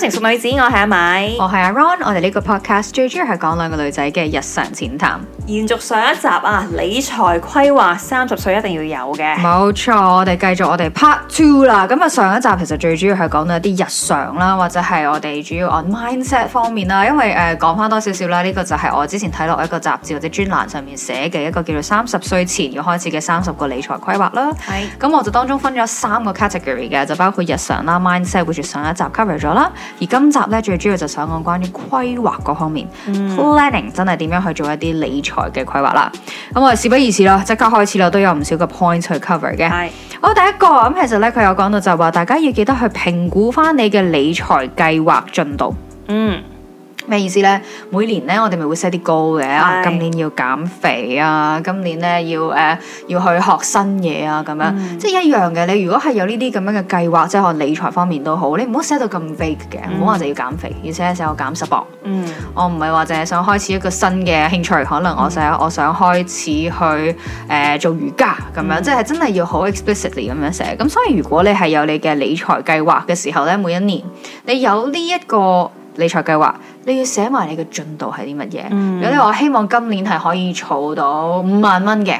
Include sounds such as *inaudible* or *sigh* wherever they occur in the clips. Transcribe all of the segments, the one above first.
三成淑女子，我係阿米，我係阿 Ronn，我哋呢個 podcast 最主要係講兩個女仔嘅日常淺談。延續上一集啊，理財規劃，三十歲一定要有嘅，冇錯。我哋繼續我哋 part two 啦。咁啊，上一集其實最主要係講到一啲日常啦，或者係我哋主要 on mindset 方面啦。因為誒，講、呃、翻多少少啦，呢、這個就係我之前睇落一個雜誌或者專欄上面寫嘅一個叫做三十歲前要開始嘅三十個理財規劃啦。係。咁我就當中分咗三個 category 嘅，就包括日常啦 mindset，跟住上一集 cover 咗啦。而今集咧，最主要就想講關於規劃嗰方面、嗯，planning 真係點樣去做一啲理財。嘅規劃啦，咁我哋事不宜遲咯，即刻開始啦，都有唔少嘅 point 去 cover 嘅。係，好，第一個咁，其實咧佢有講到就話，大家要記得去評估返你嘅理財計劃進度。嗯。咩意思咧？每年咧，我哋咪會 set 啲 goal 嘅啊。今年要減肥啊，今年咧要誒、呃、要去學新嘢啊，咁樣、嗯、即係一樣嘅。你如果係有呢啲咁樣嘅計劃，即係學理財方面都好，你唔好寫到咁 vague 嘅。唔好話就要減肥，而且寫我減十磅。嗯，我唔係話淨係想開始一個新嘅興趣，可能我想、嗯、我想開始去誒、呃、做瑜伽咁樣，嗯、即係真係要好 explicitly 咁樣寫。咁所以如果你係有你嘅理財計劃嘅時候咧，每一年你有呢一個理財計劃。你要寫埋你嘅進度係啲乜嘢？有咧、嗯，如我希望今年係可以儲到五萬蚊嘅。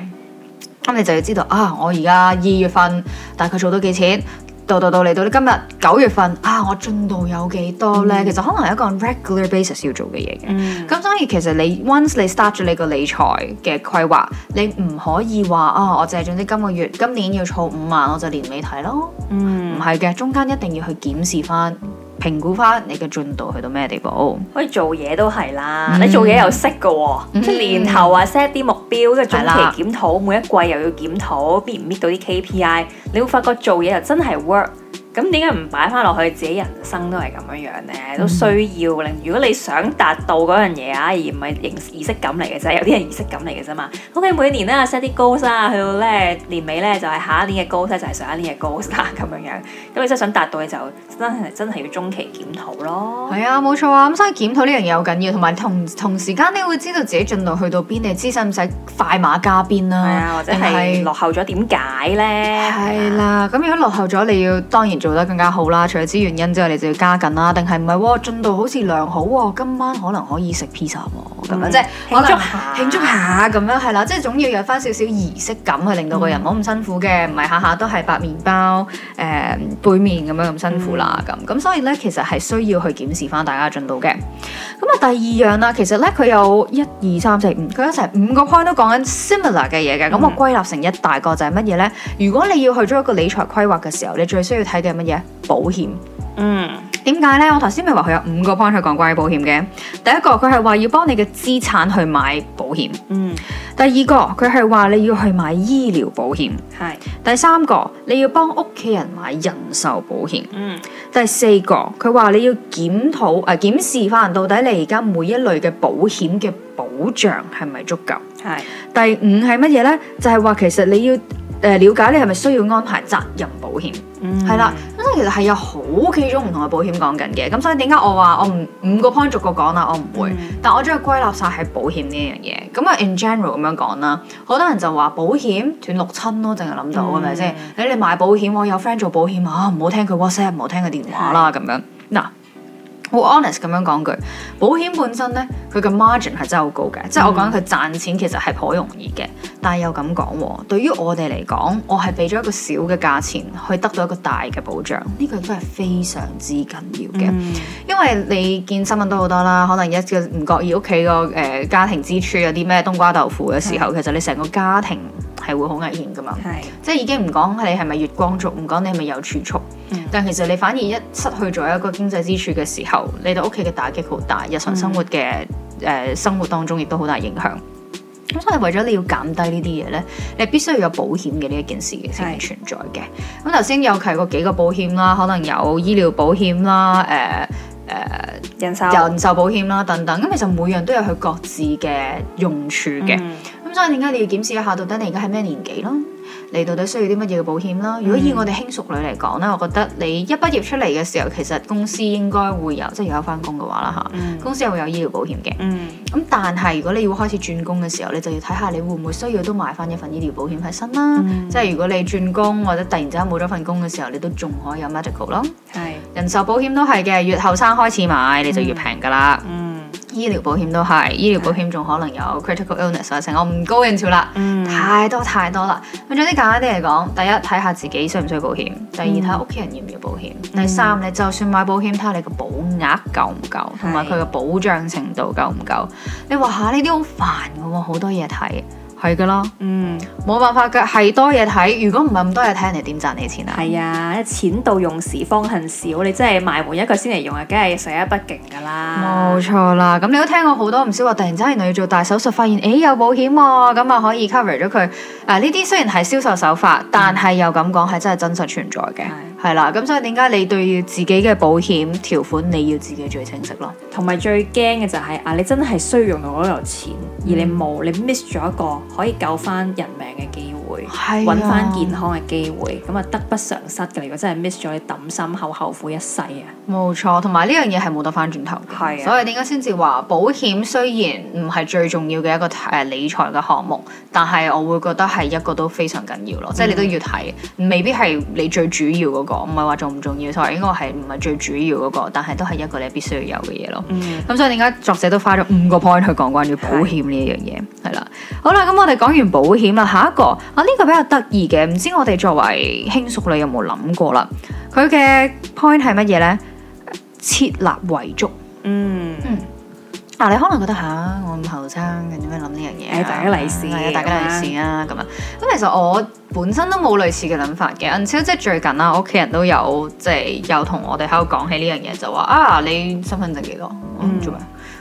咁你就要知道啊，我而家二月份大概儲到幾錢？到到到嚟到你今日九月份啊，我進度有幾多咧？嗯、其實可能係一個 regular basis 要做嘅嘢嘅。咁、嗯、所以其實你 once 你 you start 咗你個理財嘅規劃，你唔可以話啊，我淨係總之今個月、今年要儲五萬，我就年尾睇咯。唔係嘅，中間一定要去檢視翻。評估翻你嘅進度去到咩地步？可以做嘢都係啦，嗯、你做嘢又識㗎，嗯、即年頭啊 set 啲目標，跟住中期檢討，啦每一季又要檢討，搣唔搣到啲 KPI？你會發覺做嘢又真係 work。咁點解唔擺翻落去自己人生都係咁樣樣咧？都需要令、嗯、如果你想達到嗰樣嘢啊，而唔係儀儀式感嚟嘅啫，有啲人係儀式感嚟嘅啫嘛。咁你每年咧 set 啲 goals 啦去到咧年尾咧就係下一年嘅 goals 就係、是、上一年嘅 goals 啦咁樣樣。咁你真係想達到你就真係真係要中期檢討咯。係啊，冇錯啊。咁所以檢討呢樣嘢好緊要，同埋同同時間你會知道自己進度去到邊，你知使唔使快馬加鞭啦、啊啊，或者係是落後咗點解咧？係啦，咁、啊、如果落後咗，你要當然。做得更加好啦！除咗知原因之外，你就要加緊啦，定係唔係進度好似良好喎，今晚可能可以食 pizza 喎，咁樣即係慶祝下，慶祝下咁樣係啦，即係總要有翻少少儀式感去令到個人冇咁辛苦嘅，唔係下下都係白麵包、誒、呃，杯麵咁樣咁辛苦啦，咁咁、嗯、所以咧，其實係需要去檢視翻大家進度嘅。咁啊，第二樣啦，其實咧佢有一二三四五，佢一齊五個 point 都講緊 similar 嘅嘢嘅，咁、嗯、我歸納成一大個就係乜嘢咧？如果你要去做一個理財規劃嘅時候，你最需要睇嘅。係乜嘢？保險，嗯，點解咧？我頭先咪話佢有五個 point 去講關於保險嘅。第一個佢係話要幫你嘅資產去買保險，嗯。第二個佢係話你要去買醫療保險，係。第三個你要幫屋企人買人壽保險，嗯。第四個佢話你要檢討誒檢視翻到底你而家每一類嘅保險嘅保障係咪足夠，係。第五係乜嘢咧？就係話其實你要。誒，了解你係咪需要安排責任保險？嗯，係啦，咁其實係有好幾種唔同嘅保險講緊嘅。咁所以點解我話我唔五個 point 逐個講啦，我唔會。嗯、但我我將歸納晒係保險呢樣嘢。咁啊，in general 咁樣講啦，好多人就話保險斷六親咯，淨係諗到係咪先？誒，嗯、你買保險，我有 friend 做保險啊，唔好聽佢 WhatsApp，唔好聽佢電話啦，咁是樣嗱。好 honest 咁樣講句，保險本身呢，佢嘅 margin 係真係好高嘅，即係我講佢賺錢其實係頗容易嘅。但係又咁講，對於我哋嚟講，我係俾咗一個小嘅價錢去得到一個大嘅保障，呢個都係非常之緊要嘅。嗯、因為你見新聞都好多啦，可能一唔覺意屋企個誒家庭支柱有啲咩冬瓜豆腐嘅時候，的其實你成個家庭。係會好危險噶嘛？係是，即係已經唔講你係咪月光族，唔講你係咪有儲蓄，嗯、但其實你反而一失去咗一個經濟支柱嘅時候，你對屋企嘅打擊好大，日常生活嘅誒、嗯呃、生活當中亦都好大影響。咁所以為咗你要減低呢啲嘢咧，你必須要有保險嘅呢一件事嘅先存在嘅。咁頭先有提過幾個保險啦，可能有醫療保險啦，誒、呃、誒、呃、人壽收人壽保險啦等等。咁其實每樣都有佢各自嘅用處嘅。嗯咁所以點解你要檢視一下，到底你而家係咩年紀咯？你到底需要啲乜嘢嘅保險咯？如果以我哋輕熟女嚟講咧，我覺得你一畢業出嚟嘅時候，其實公司應該會有，即係如果翻工嘅話啦吓，公司係會有醫療保險嘅。咁、嗯、但係如果你要開始轉工嘅時候，你就要睇下你會唔會需要都買翻一份醫療保險喺身啦。嗯、即係如果你轉工或者突然之間冇咗份工嘅時候，你都仲可以有 medical 咯。係是人壽保險都係嘅，越後生開始買，你就越平噶啦。嗯嗯醫療保險都係，醫療保險仲可能有 critical illness 我唔高認錯啦，嗯、太多太多啦。咁簡單啲嚟講，第一，睇下自己需唔需要保險，第二，睇下屋企人要唔要保險，第三，你就算買保險，睇下你個保額夠唔夠，同埋佢個保障程度夠唔夠。是你話下呢啲好煩㗎喎，好多嘢睇。係噶啦，嗯，冇辦法噶，係多嘢睇。如果唔係咁多嘢睇，人哋點賺你錢啊？係啊，錢到用時方恨少。你真係買回一個先嚟用啊，梗係使一筆勁噶啦。冇錯啦，咁你都聽過好多唔少話，突然之間原來要做大手術，發現誒，欸，有保險，啊，咁啊可以 cover 咗佢。啊，呢啲雖然係銷售手法，嗯，但係又咁講，係真係真實存在嘅。係啦，咁所以點解你對自己嘅保險條款你要自己最清晰咯，同埋最驚嘅就係啊，你真係需要用到嗰嚿錢，而你冇，你 miss 咗一個可以救返人命嘅機會。會揾翻健康嘅機會，咁啊得不償失嘅。如果真係 miss 咗，你抌心口，後悔一世啊！冇錯，同埋呢樣嘢係冇得翻轉頭嘅。係，所以點解先至話保險雖然唔係最重要嘅一個誒理財嘅項目，但係我會覺得係一個都非常緊要咯。即係、嗯、你都要睇，未必係你最主要嗰個，唔係話重唔重要。sorry，應該係唔係最主要嗰個，但係都係一個你必須要有嘅嘢咯。嗯，咁所以點解作者都花咗五個 point 去講關於保險呢一樣嘢？啦，好啦，咁我哋講完保險啦，下一個啊呢、這個比較得意嘅，唔知我哋作為輕熟女有冇諗過啦？佢嘅 point 係乜嘢咧？設立遺囑，嗯，嗯，啊你可能覺得吓、啊，我咁後生，點解諗呢樣嘢，大家利是、啊，大家利是啊咁啊，咁其實我本身都冇類似嘅諗法嘅。until、嗯、即係最近啦，屋企人都有即係有同我哋喺度講起呢樣嘢，就話、是、啊你身份證幾多？我嗯，做咩？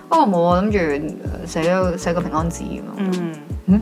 不哦冇啊，諗住寫個寫個平安紙咁樣。嗯嗯，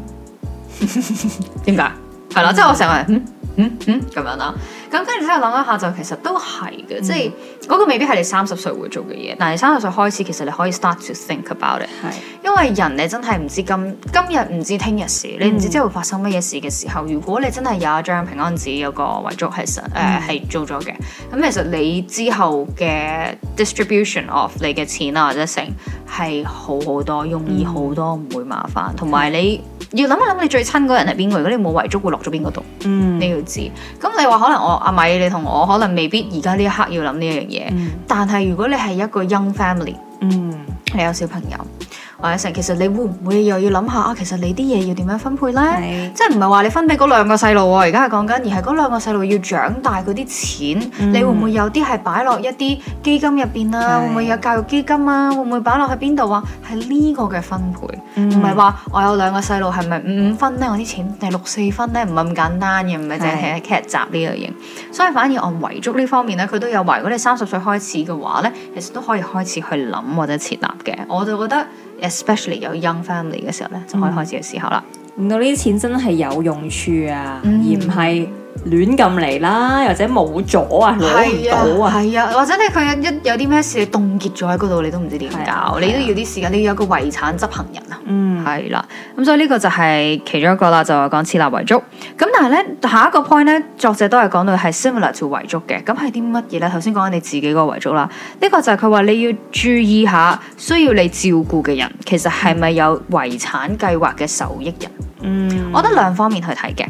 點、嗯、解係啦，即係我成日嗯嗯嗯咁樣啦。咁跟住真係諗一下，就其實都係嘅，嗯、即係、嗰個未必係你三十歲會做嘅嘢。嗱，你三十歲開始，其實你可以 start to think about it 是。係，因為人你真係唔知今今日唔知聽日事，你唔知之後會發生乜嘢事嘅時候，如果你真係有一張平安紙有個遺囑係實誒係做咗嘅，咁其實你之後嘅 distribution of 你嘅錢啊或者成係好好多，容易好多，唔、嗯、會麻煩。同埋你要諗一諗，你最親嗰個人係邊個？如果你冇遺囑會落咗邊個度？嗯，你要知。咁你話可能我。阿米，你同我可能未必而家呢一刻要諗呢樣嘢，嗯、但係如果你係一個 young family，嗯，你有小朋友。或者其實你會唔會又要諗下啊？其實你啲嘢要點樣分配呢？的即係唔係話你分俾嗰兩個細路喎？而家係講緊，而係嗰兩個細路要長大嗰啲錢，嗯、你會唔會有啲係擺落一啲基金入邊啊？的會唔會有教育基金啊？會唔會擺落去邊度啊？係呢個嘅分配，唔係話我有兩個細路係咪五五分呢？我啲錢定係六四分呢？唔係咁簡單嘅，唔係淨係睇劇集呢樣嘢。所以反而我遺囑呢方面呢，佢都有遺。如果你三十歲開始嘅話呢，其實都可以開始去諗或者設立嘅。我就覺得。especially 有 young family 嘅時候咧，嗯、就可以開始去思考啦，令到呢啲錢真係有用處啊，嗯、而唔係。亂咁嚟啦，或者冇咗啊，攞唔、啊、到啊，係啊，或者你佢一有啲咩事，你凍結咗喺嗰度，你都唔知點搞，啊、你都要啲時間，啊、你要一個遺產執行人、嗯、啊。嗯，係啦，咁所以呢個就係其中一個啦，就係講設立遺囑。咁但係呢，下一個 point 呢，作者都係講到係 similar to 遺囑嘅。咁係啲乜嘢呢？頭先講緊你自己個遺囑啦，呢、呢個就係佢話你要注意下，需要你照顧嘅人其實係咪有遺產計劃嘅受益人？嗯，我覺得兩方面去睇嘅。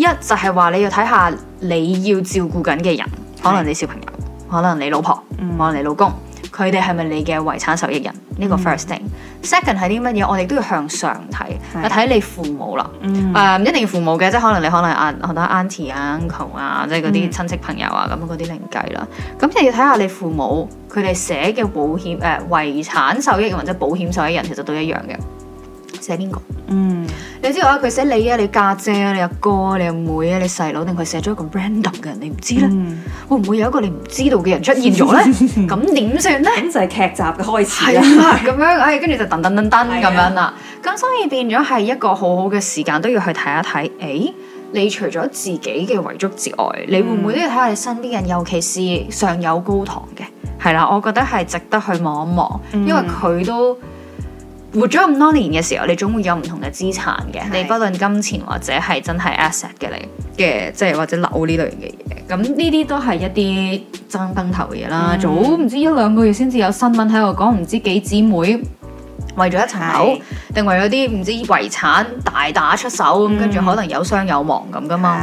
一就係話你要睇下你要照顧緊嘅人，是的 可能你小朋友，可能你老婆，嗯、可能你老公，佢哋係咪你嘅遺產受益人？呢、嗯、個 first thing。second 係啲乜嘢？我哋都要向上睇，睇是的 你父母啦。誒，唔一定要父母嘅，即係可能你可能阿可 auntie 啊、uncle 啊，即係嗰啲親戚朋友啊咁嗰啲另計啦。咁、嗯、就要睇下你父母佢哋寫嘅保險誒、呃、遺產受益或者保險受益人其實都一樣嘅。寫邊個？嗯，你知道話佢寫你啊，你家姐啊，你阿哥啊，你阿妹啊，你細佬，定佢寫咗一個 random 嘅人，你唔知咧？嗯、會唔會有一個你唔知道嘅人出現咗咧？咁點算咧？就係劇集嘅開始啦。咁、啊、樣，誒，跟住、 *laughs* 嗯、就噔噔噔噔咁、啊、樣啦。咁所以變咗係一個好好嘅時間，都要去睇一睇。誒、欸，你除咗自己嘅遺囑之外，你會唔會都要睇下你身邊人，尤其是上有高堂嘅？係啦、嗯，我覺得係值得去望一望，因為佢都。活咗咁多年嘅時候，你總會有唔同嘅資產嘅，的你不論金錢或者係真係 asset 嘅，你嘅，即係或者樓呢類型嘅嘢，咁呢啲都係一啲爭崩頭嘅嘢啦。嗯、早唔知一兩個月先至有新聞喺度講，唔知幾姊妹，為咗一層樓，定是的 為咗啲唔知遺產大打出手咁，跟住、嗯、可能有傷有亡咁噶嘛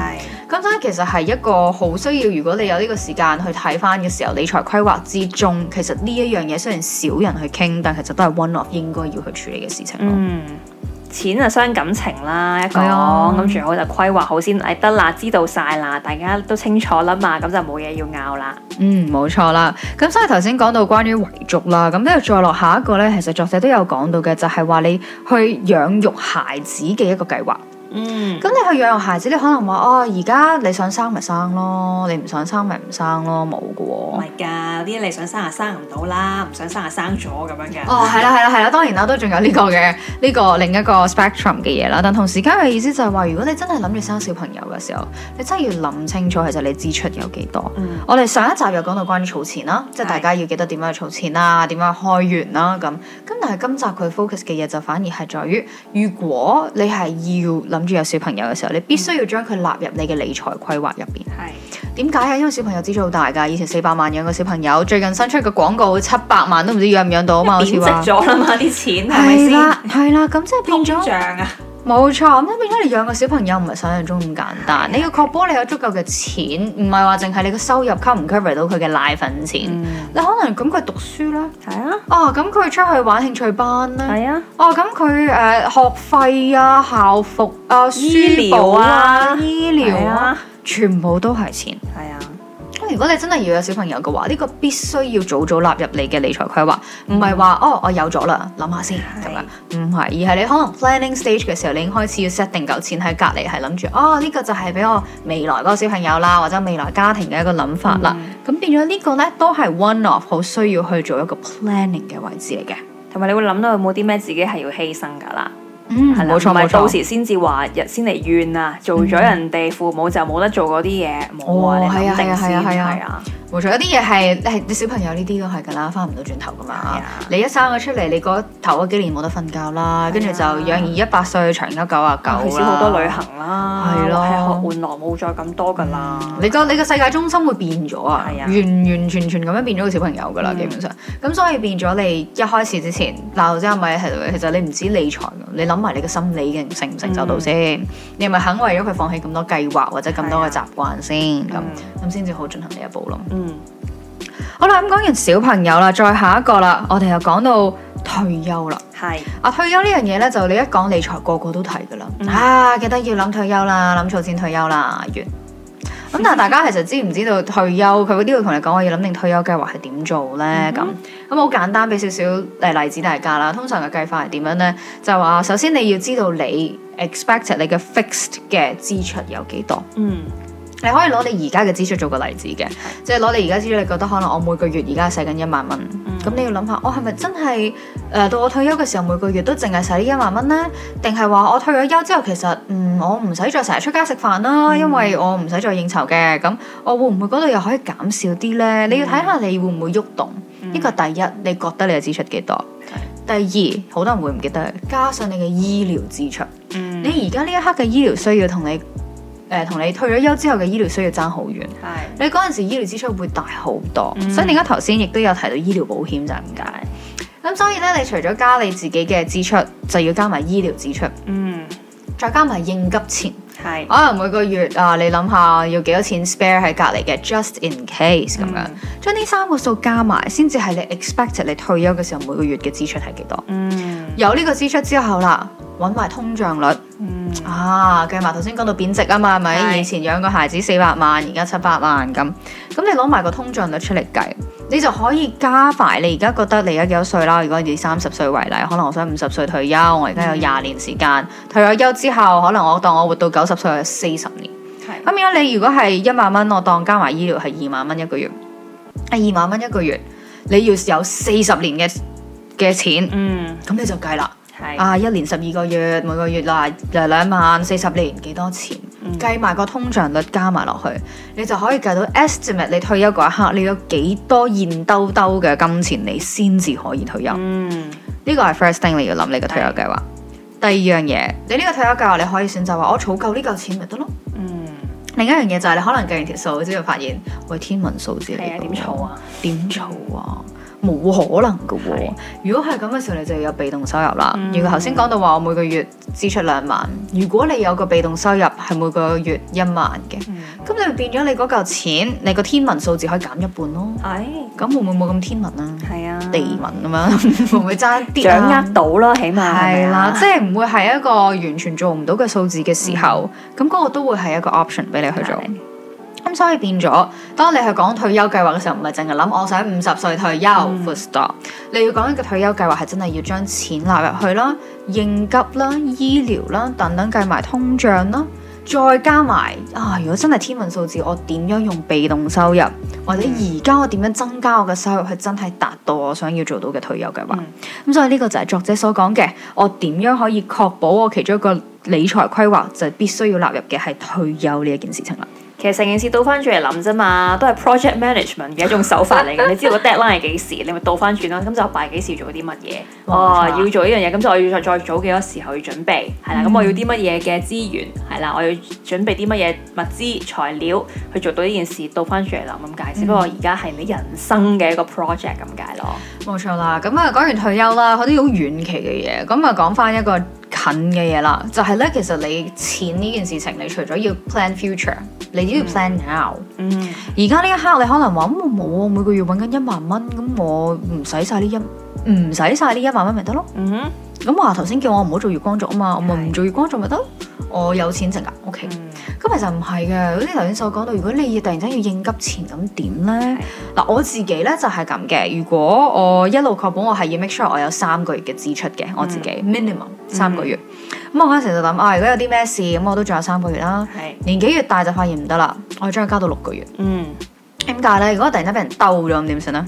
咁所以其實係一個好需要，如果你有呢個時間去睇翻嘅時候，理財規劃之中，其實呢一樣嘢雖然少人去傾，但其實都係 one of 應該要去處理嘅事情。嗯嗯。錢啊傷感情啦，一講咁最好就規劃好先，誒得啦，知道晒啦，大家都清楚啦嘛，咁就冇嘢要拗、嗯、啦。嗯，冇錯啦。咁所以頭先講到關於遺囑啦，咁呢度再落下一個呢，其實作者都有講到嘅，就係、是、話你去養育孩子嘅一個計劃。嗯，咁你去養育孩子，你可能話哦，而家你想生咪生咯，你唔想生咪唔生咯，冇噶喎。係噶，啲你想生啊生唔到啦，唔想生啊生咗咁樣嘅。哦，係啦係啦係啦，當然啦，都仲有呢個嘅呢、這個另一個 spectrum 嘅嘢啦。但同時間嘅意思就係、是、話，如果你真係諗住生小朋友嘅時候，你真係要諗清楚，其實你支出有幾多。嗯、我哋上一集又講到關於儲錢啦，的即係大家要記得點樣去儲錢啦，點樣開源啦咁。咁但係今集佢 focus 嘅嘢就反而係在於，如果你係要。諗住有小朋友嘅時候，你必須要將佢納入你嘅理財規劃入邊。係點解啊？因為小朋友支出好大噶，以前四百萬養個小朋友，最近新出個廣告，七百萬都唔知養唔養到啊嘛，好似話 *laughs* 貶值咗啦嘛，啲錢係咪先？係啦，咁即係變咗通脹啊！冇錯，咁變咗你養個小朋友唔係想象中咁簡單。是的 你要確保你有足夠嘅錢，唔係話淨係你個收入 cover 唔 cover 到佢嘅奶粉錢。嗯、你可能咁佢讀書啦，係是的 啊，哦咁佢出去玩興趣班啦，係是的 啊，哦咁佢誒學費啊、校服啊、書簿啊、醫療啊、醫療啊，全部都係錢，係啊。如果你真係要有小朋友嘅話，呢、這個必須要早早納入你嘅理財規劃，唔係話哦我有咗啦，諗下先，係咪是？唔係，而係你可能 planning stage 嘅時候，你已經開始要 set 定夠錢喺隔籬，係諗住哦呢、這個就係俾我未來嗰個小朋友啦，或者未來家庭嘅一個諗法啦。咁、嗯、變咗呢個呢，都係 one of 好需要去做一個 planning 嘅位置嚟嘅，同埋你會諗到有冇啲咩自己係要犧牲噶啦。係冇錯，唔係到時先至話，日先嚟怨啊！做咗人哋父母就冇得做嗰啲嘢，冇啊！係啊，係啊，係啊，係啊，冇錯，有啲嘢係你小朋友呢啲都係噶啦，翻唔到轉頭噶嘛。你一生咗出嚟，你嗰頭嗰幾年冇得瞓覺啦，跟住就養兒一百歲，長憂九啊九，少好多旅行啦，係咯，係學玩樂冇再咁多噶啦。你個你個世界中心會變咗啊，完完全全咁樣變咗個小朋友噶啦，基本上。咁所以變咗你一開始之前，嗱，我真係咪係？其實你唔知理財噶，你諗。諗埋你嘅心理嘅承唔承受到先，mm hmm. 你係咪肯為咗佢放棄咁多計劃或者咁多嘅習慣先？咁咁先至好進行呢一步咯。嗯、mm，hmm. 好啦，咁講完小朋友啦，再下一個啦，我哋又講到退休啦。係 Yes. 啊，退休呢樣嘢咧，就你一講理財，個個都提噶啦。Mm hmm. 啊，記得要諗退休啦，諗早先退休啦，完。咁 *laughs* 但係大家其實知唔知道退休佢呢個同你講話要諗定退休計劃係點做呢？咁咁好簡單，俾少少誒例子大家啦。通常嘅計法係點樣呢？就係話首先你要知道你 expected 你嘅 fixed 嘅支出有幾多。嗯、mm，hmm. 你可以攞你而家嘅支出做個例子嘅，即係攞你而家支出，你覺得可能我每個月而家使緊一萬蚊。咁你要諗下，我係咪真係誒、呃、到我退休嘅時候每個月都淨係使呢一萬蚊呢？定係話我退咗休之後其實嗯我唔使再成日出街食飯啦，嗯、因為我唔使再應酬嘅，咁我會唔會嗰度又可以減少啲呢？嗯、你要睇下你會唔會喐動？呢、嗯、個第一，你覺得你嘅支出幾多？Okay. 第二，好多人會唔記得加上你嘅醫療支出。嗯、你而家呢一刻嘅醫療需要同你。誒，同你退咗休之後嘅醫療需要爭好遠，係是你嗰陣時醫療支出會大好多，嗯、所以你而家頭先亦都有提到醫療保險就係點解？咁所以咧，你除咗加你自己嘅支出，就要加埋醫療支出，嗯，再加埋應急錢，係是可能每個月啊，你諗下要幾多錢 spare 喺隔籬嘅 just in case 咁樣，將呢、嗯、三個數加埋，先至係你 expected 你退休嘅時候每個月嘅支出係幾多？嗯，有呢個支出之後啦。揾埋通脹率，嗯、啊，計埋頭先講到貶值啊嘛，係咪的？以前養個孩子四百萬，而家七百萬咁。咁你攞埋個通脹率出嚟計，你就可以加埋你而家覺得你而家幾多歲啦？如果以三十歲為例，可能我想五十歲退休，我而家有廿年時間、嗯、退咗休之後，可能我當我活到九十歲有四十年。係咁，而家你如果係一萬蚊，我當加埋醫療係二萬蚊一個月。係二萬蚊一個月，你要有四十年嘅嘅錢。嗯，咁你就計啦。啊！一年十二個月，每個月嗱兩萬，四十年幾多錢？計埋個通脹率加埋落去，你就可以計到 estimate 你退休嗰一刻，你有幾多現兜兜嘅金錢，你先至可以退休。嗯，呢個係 first thing 你要諗你嘅退休計劃。嗯、第二樣嘢，你呢個退休計劃你可以選擇話我儲夠呢嚿錢咪得咯。嗯，另一樣嘢就係你可能計完條數之後發現喂，天文數字、嗯、你嘅、這個，點儲啊？點儲 *laughs* 啊？冇可能嘅喎，的如果係咁嘅時候，你就要有被動收入啦。嗯、如果頭先講到話我每個月支出兩萬，如果你有個被動收入係每個月一萬嘅，咁、嗯、你變咗你嗰嚿錢，你個天文數字可以減一半咯。係、哎，咁會唔會冇咁天文啊？係的 *laughs* 啊，地文咁樣會唔會差啲？掌握到咯，起碼係咪即係唔會係一個完全做唔到嘅數字嘅時候，咁嗰、嗯、個都會係一個 option 俾你去做。的咁、嗯、所以變咗，當你係講退休計劃嘅時候，唔係淨係諗我想五十歲退休。嗯、你要講一個退休計劃係真係要將錢納入去啦，應急啦、醫療啦等等，計埋通脹啦，再加埋啊。如果真係天文數字，我點樣用被動收入，或者而家我點樣增加我嘅收入，係真係達到我想要做到嘅退休計劃。咁、嗯嗯、所以呢個就係作者所講嘅，我點樣可以確保我其中一個理財規劃就必須要納入嘅係退休呢一件事情啦。其實成件事倒翻轉嚟諗啫嘛，都係 project management 嘅一種手法嚟嘅。 *laughs* 你知道個 deadline 係幾時，你咪倒翻轉啦。咁就拜幾時做啲乜嘢？哦，啊、哦，要做呢樣嘢，咁就我要再早幾多時候去準備，係啦、嗯。咁我要啲乜嘢嘅資源，係啦，我要準備啲乜嘢物資材料去做到呢件事。倒翻轉嚟諗咁解釋，只、嗯、不過而家係你人生嘅一個 project 咁解咯。冇錯啦，咁啊講完退休啦，嗰啲好遠期嘅嘢，咁啊講翻一個。近嘅嘢啦，就係、是、咧，其實你錢呢件事情，你除咗要 plan future，你都要 plan now、mm hmm. 嗯，而家呢一刻你可能話冇啊，每個月揾緊一萬蚊，咁我唔使晒呢一唔使晒呢一萬蚊咪得咯。嗯、mm，咁、hmm. 我頭先叫我唔好做月光族啊嘛，mm hmm. 我咪唔做月光族咪得。Mm hmm. 我有錢剩噶，OK、mm。Hmm. 咁其實唔係嘅，好似頭先所講到，如果你要突然間要應急錢咁點呢？嗱的，我自己呢就係咁嘅。如果我一路確保我係要 make sure 我有三個月嘅支出嘅，嗯、我自己 minimum、嗯、三個月。咁我嗰陣時就諗啊，如果有啲咩事，咁我都仲有三個月啦。的年紀越大就發現唔得啦，我要將佢加到六個月。嗯。點解呢？如果突然間俾人兜咗咁點算呢？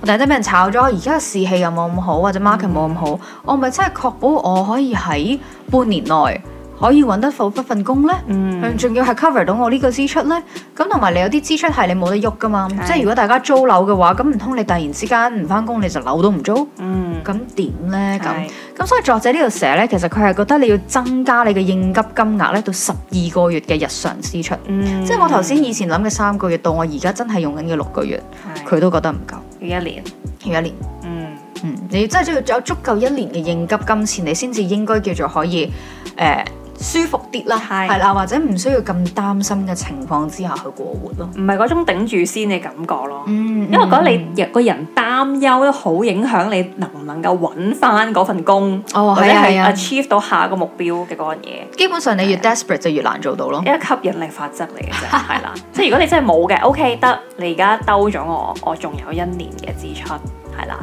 我突然間俾人炒咗，而家士氣又冇咁好，或者 market 冇咁好，嗯、我咪真係確保我可以喺半年內，可以揾得到份工呢？嗯，仲要係 cover 到我呢個支出呢？咁同埋你有啲支出係你冇得喐噶嘛，的即係如果大家租樓嘅話，咁唔通你突然之間唔翻工，你就樓都唔租，嗯，咁點呢？咁咁的所以作者呢度寫呢，其實佢係覺得你要增加你嘅應急金額呢，到十二個月嘅日常支出，嗯、即係我頭先以前諗嘅三個月，到我而家真係用緊嘅六個月，佢的都覺得唔夠，要一年，要一年，嗯，嗯，你真係要有足夠一年嘅應急金錢，你先至應該叫做可以，誒、呃。舒服啲啦，係的。係啦，或者唔需要咁擔心嘅情況之下去過活咯，唔係嗰種頂住先嘅感覺咯。嗯，因為如果你一、嗯、個人擔憂都好影響你能唔能夠揾翻嗰份工，哦、或者係 achieve 到下一個目標嘅嗰樣嘢。基本上你越 desperate 的就越難做到咯，因為吸引力法則嚟嘅啫。係啦， *laughs* 即係如果你真係冇嘅，OK 得，你而家兜咗我，我仲有一年嘅支出，係啦。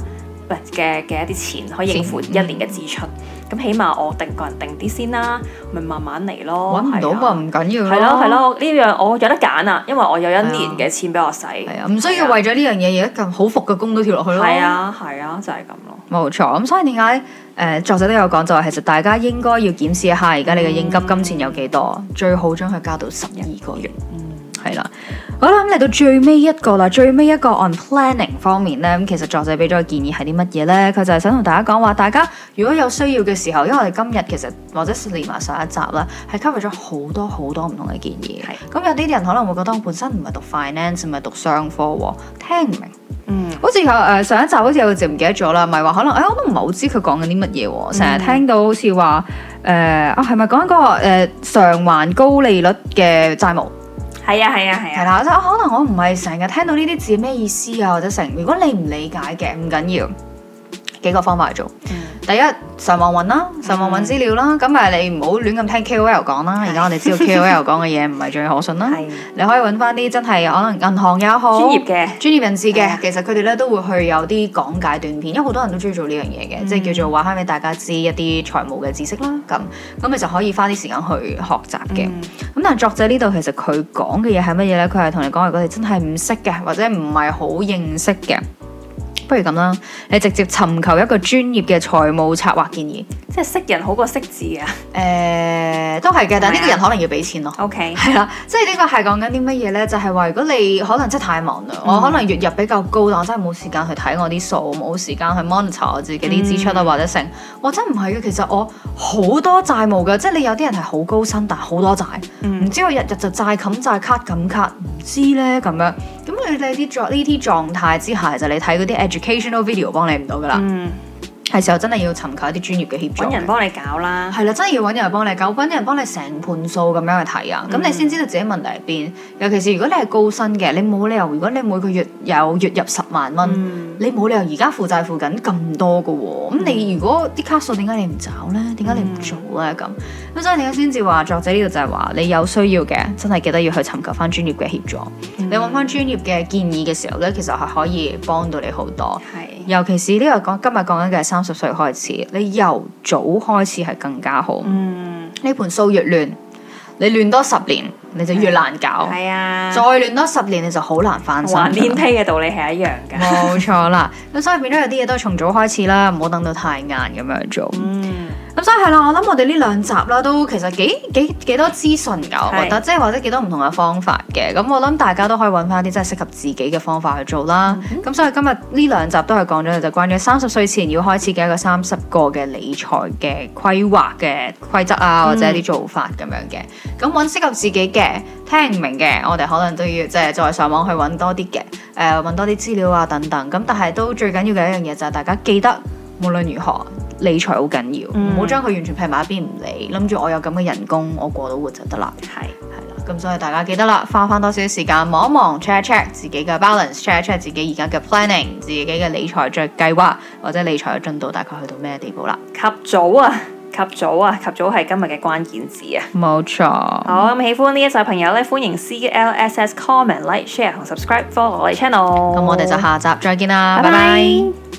嘅嘅一啲錢可以應付一年嘅支出，咁錢起碼我定個人定啲先啦，咪慢慢嚟咯。揾唔不到唔緊是、啊、要、啊，係咯係咯，呢樣、這個、我有得揀啊，因為我有一年嘅錢俾我使，係是啊，唔是、啊、需要為咗呢樣嘢而一間好服嘅工都跳落去咯、啊。係啊係啊，就係、是、咁咯，冇錯。咁所以點解誒作者都有講，就係其實大家應該要檢視一下而家你嘅應急金錢有幾多，嗯、最好將佢加到十二個月。嗯係啦，好啦，咁嚟到最尾一個啦。最尾一個 on planning 方面咧，咁其實作者俾咗個建議係啲乜嘢咧？佢就係想同大家講話，大家如果有需要嘅時候，因為我哋今日其實或者連埋上、上一集啦，係 cover 咗好多好多唔同嘅建議。咁是有啲人可能會覺得我本身唔係讀 finance，唔係讀商科，聽唔明。嗯，好似誒、呃、上一集好似有個字唔記得咗啦，咪話可能誒、哎、我都唔係好知佢講緊啲乜嘢，成日聽到好似話誒啊係咪講一個誒償、呃、還高利率嘅債務？係啊係啊係啊，係啦、啊，即、啊啊、可能我唔係成日聽到呢啲字咩意思啊，或者成，如果你唔理解嘅，唔緊要，幾個方法去做。嗯第一上網搵啦，上網搵資料啦，咁咪、嗯、你唔好亂咁聽 K O L 講啦。而家我哋知道 K O L 講嘅嘢唔係最可信啦。 *laughs* 是你可以搵翻啲真係可能銀行也好專業嘅專業人士嘅，的其實佢哋咧都會去有啲講解短片，因為好多人都中意做呢樣嘢嘅，嗯、即係叫做話翻俾大家知一啲財務嘅知識啦。咁咁你就可以花啲時間去學習嘅。咁、嗯、但係作者呢度其實佢講嘅嘢係乜嘢咧？佢係同你講係嗰啲真係唔識嘅，或者唔係好認識嘅。不如咁啦，你直接尋求一個專業嘅財務策劃建議，即係識人好過識字啊。誒、 *laughs* 呃，都係嘅，啊、但呢個人可能要俾錢咯。OK，係啦，即係呢個係講緊啲乜嘢呢？就係話，如果你可能真係太忙啦，嗯、我可能月入比較高，但我真係冇時間去睇我啲數，冇時間去 monitor 我自己啲支出啊，嗯、或者成。我真唔係嘅。其實我好多債務嘅，即係你有啲人係好高薪，但係好多債，唔、嗯、知我日，日日就債冚債卡冚卡，唔知呢。咁樣。呢啲狀呢啲狀態之下，就是、你睇嗰啲 educational video 幫你唔到噶啦，係、嗯、時候真係要尋求一啲專業嘅協助。揾人幫你搞啦，係啦，真係要揾人幫你搞，揾人幫你成盤數咁樣去睇啊，咁、嗯、你先知道自己問題喺邊。尤其是如果你係高薪嘅，你冇理由，如果你每個月有月入十萬蚊。嗯你冇理由而家負債負緊咁多㗎喎、哦，咁、嗯、你如果啲卡數點解你唔找呢？點解你唔做呢？咁咁、嗯、所以你先至話作者呢度就係話你有需要嘅，真係記得要去尋求翻專業嘅協助。嗯、你揾翻專業嘅建議嘅時候呢，其實係可以幫到你好多。嗯、尤其是呢、呢個講今日講緊嘅係三十歲開始，你由早開始係更加好。嗯，呢盤數越亂。你多亂多十年，你就越難搞。係、嗯、啊，再多亂多十年，你就好難翻身。玩天梯嘅道理係一樣㗎，冇 *laughs* 錯啦。咁所以變咗有啲嘢都係從早開始啦，唔好等到太晏咁樣做。嗯咁、嗯、所以係啦，我諗我哋呢兩集啦，都其實幾幾幾多資訊噶，嗯、我覺得，即係或者幾多唔同嘅方法嘅。咁我諗大家都可以揾翻啲真係適合自己嘅方法去做啦。咁、嗯、哼所以今日呢兩集都係講咗，就關於三十歲前要開始嘅一個三十個嘅理財嘅規劃嘅規則啊，或者啲做法咁樣嘅。咁揾、嗯、適合自己嘅，聽唔明嘅，我哋可能都要即係再上網去揾多啲嘅，誒、呃、揾多啲資料啊等等。咁但係都最緊要嘅一樣嘢就係大家記得，無論如何。理財好緊要，唔好將佢完全劈埋一邊唔理，諗住我有咁嘅人工，我過到活就得啦。係係啦，咁所以大家記得啦，花翻多少時間望一望，check 一 check 自己嘅 balance，check 一 check 自己而家嘅 planning，自己嘅理財再計劃或者理財嘅進度大概去到咩地步啦。及早啊，及早啊，及早係今日嘅關鍵字啊。冇錯錯。好咁，喜歡呢一集朋友咧，歡迎 CLSS comment、like、share 同 subscribe follow 我嘅 channel。咁我哋就下集再見啦，拜拜 bye。Bye bye